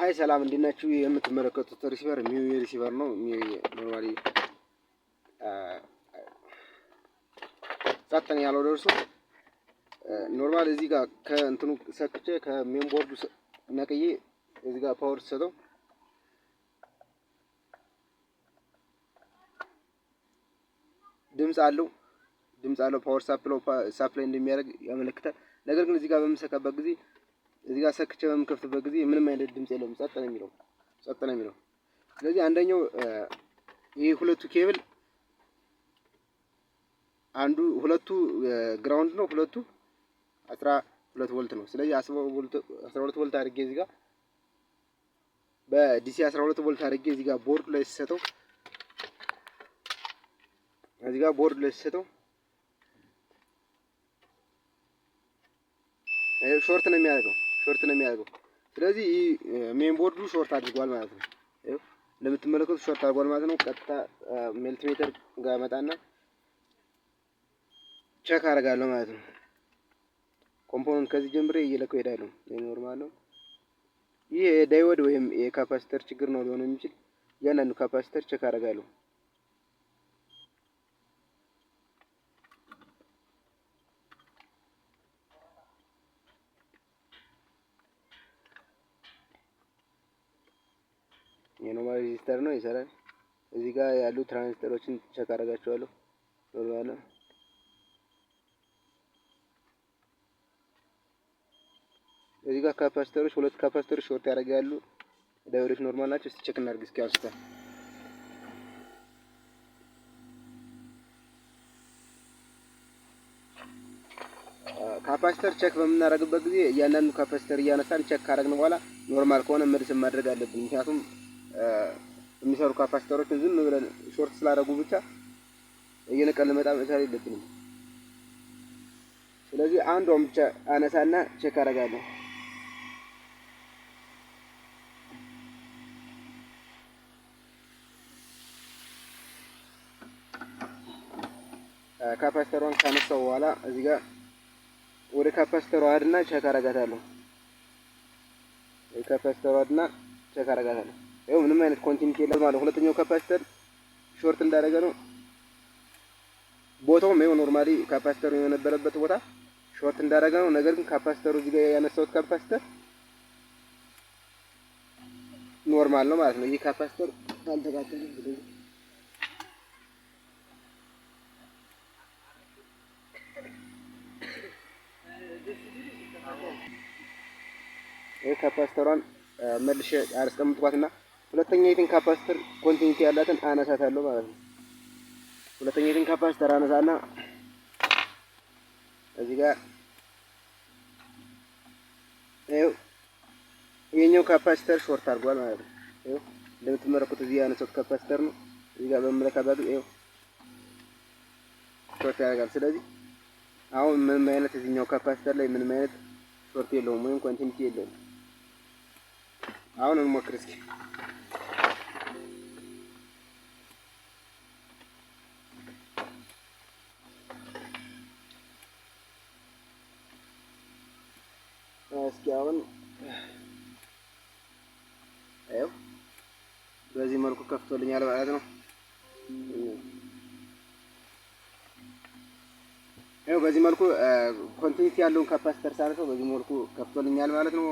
ሀይ ሰላም እንዴት ናችሁ? የምትመለከቱት ሪሲቨር ሚው ሪሲቨር ነው። ኖርማሊ ጸጥን ያለው ደርሶ ኖርማል እዚህ ጋር ከእንትኑ ሰክቼ ከሜን ቦርዱ ነቅዬ እዚህ ጋር ፓወር ሰጠው ድምፅ አለው ድምፅ አለው ፓወር ሳፕላይ ላይ እንደሚያደርግ ያመለክታል። ነገር ግን እዚህ ጋር በምሰካበት ጊዜ እዚህ ጋር ሰክቼ በምከፍትበት ጊዜ ምንም አይነት ድምጽ የለውም። ጸጥ ነው የሚለው ጸጥ ነው የሚለው። ስለዚህ አንደኛው ይሄ ሁለቱ ኬብል አንዱ ሁለቱ ግራውንድ ነው፣ ሁለቱ አስራ ሁለት ቮልት ነው። ስለዚህ አስራ ሁለት ቮልት አድርጌ እዚህ ጋር በዲሲ 12 ቮልት አድርጌ እዚህ ጋር ቦርድ ላይ ሲሰጠው እዚህ ጋር ቦርድ ላይ ሲሰጠው ሾርት ነው የሚያደርገው። ሾርት ነው የሚያደርገው። ስለዚህ ሜን ቦርዱ ሾርት አድርጓል ማለት ነው። እንደምትመለከቱት ሾርት አድርጓል ማለት ነው። ቀጥታ ሜልቲሜተር ጋር መጣና ቸክ አደርጋለሁ ማለት ነው። ኮምፖነንት ከዚህ ጀምሬ እየለካው እሄዳለሁ። ኖርማል ነው። ይህ የዳይወድ ወይም የካፓሲተር ችግር ነው ሊሆን የሚችል። እያንዳንዱ ካፓሲተር ቸክ አደርጋለሁ። የኖርማል ሬዚስተር ነው ይሰራል። እዚህ ጋር ያሉ ትራንዚስተሮችን ቸክ አደርጋቸዋለሁ። ኖርማል እዚህ ጋር ካፓስተሮች ሁለት ካፓስተሮች ሾርት ያደርጋሉ። ዳዮዶች ኖርማል ናቸው። እስቲ ቸክ እናድርግ እስኪ አንስተን ካፓስተር ቸክ በምናደርግበት ጊዜ እያንዳንዱ ካፓስተር እያነሳን ቸክ ካደረግን በኋላ ኖርማል ከሆነ መልስ ማድረግ አለብን ምክንያቱም የሚሰሩ ካፓስተሮችን ዝም ብለን ሾርት ስላደረጉ ብቻ እየነቀልን መጣም መቻል የለብንም። ስለዚህ አንዷን ብቻ አነሳና ቼክ አደርጋለሁ። ካፓስተሯን ካነሳው በኋላ እዚህ ጋር ወደ ካፓስተሯ አድና ቼክ አደርጋታለሁ። ካፓስተሯ አድና ቼክ አረጋታለሁ። ይኸው ምንም አይነት ኮንቲኒቲ የለም ማለት። ሁለተኛው ካፓሲተር ሾርት እንዳደረገ ነው። ቦታውም ይኸው ኖርማሊ ካፓሲተሩ የነበረበት ቦታ ሾርት እንዳደረገ ነው። ነገር ግን ካፓሲተሩ እዚህ ጋር ያነሳሁት ካፓሲተር ኖርማል ነው ማለት ነው። ይህ ካፓሲተር አልተቃጠለም ይህ ካፓስተሯን መልሼ አላስቀምጥኳትና ሁለተኛ የትን ካፓስተር ኮንቲኒቲ ያላትን አነሳታለሁ ማለት ነው። ሁለተኛ የትን ካፓስተር አነሳና እዚህ ጋር ይኸው የኛው ካፓስተር ሾርት አድርጓል ማለት ነው። ይኸው እንደምትመረኩት እዚህ ያነሳሁት ካፓስተር ነው። እዚህ ጋር በመለካበት ይኸው ሾርት ያደርጋል። ስለዚህ አሁን ምንም አይነት እዚህኛው ካፓስተር ላይ ምንም አይነት ሾርት የለውም ወይም ኮንቲኒቲ የለውም። አሁን እንሞክር እስኪ። አሁን ይኸው በዚህ መልኩ ከፍቶልኛል ማለት ነው። ይኸው በዚህ መልኩ ኮንቲኒቲ ያለውን ካፓስተር ሳርከው በዚህ መልኩ ከፍቶልኛል ማለት ነው።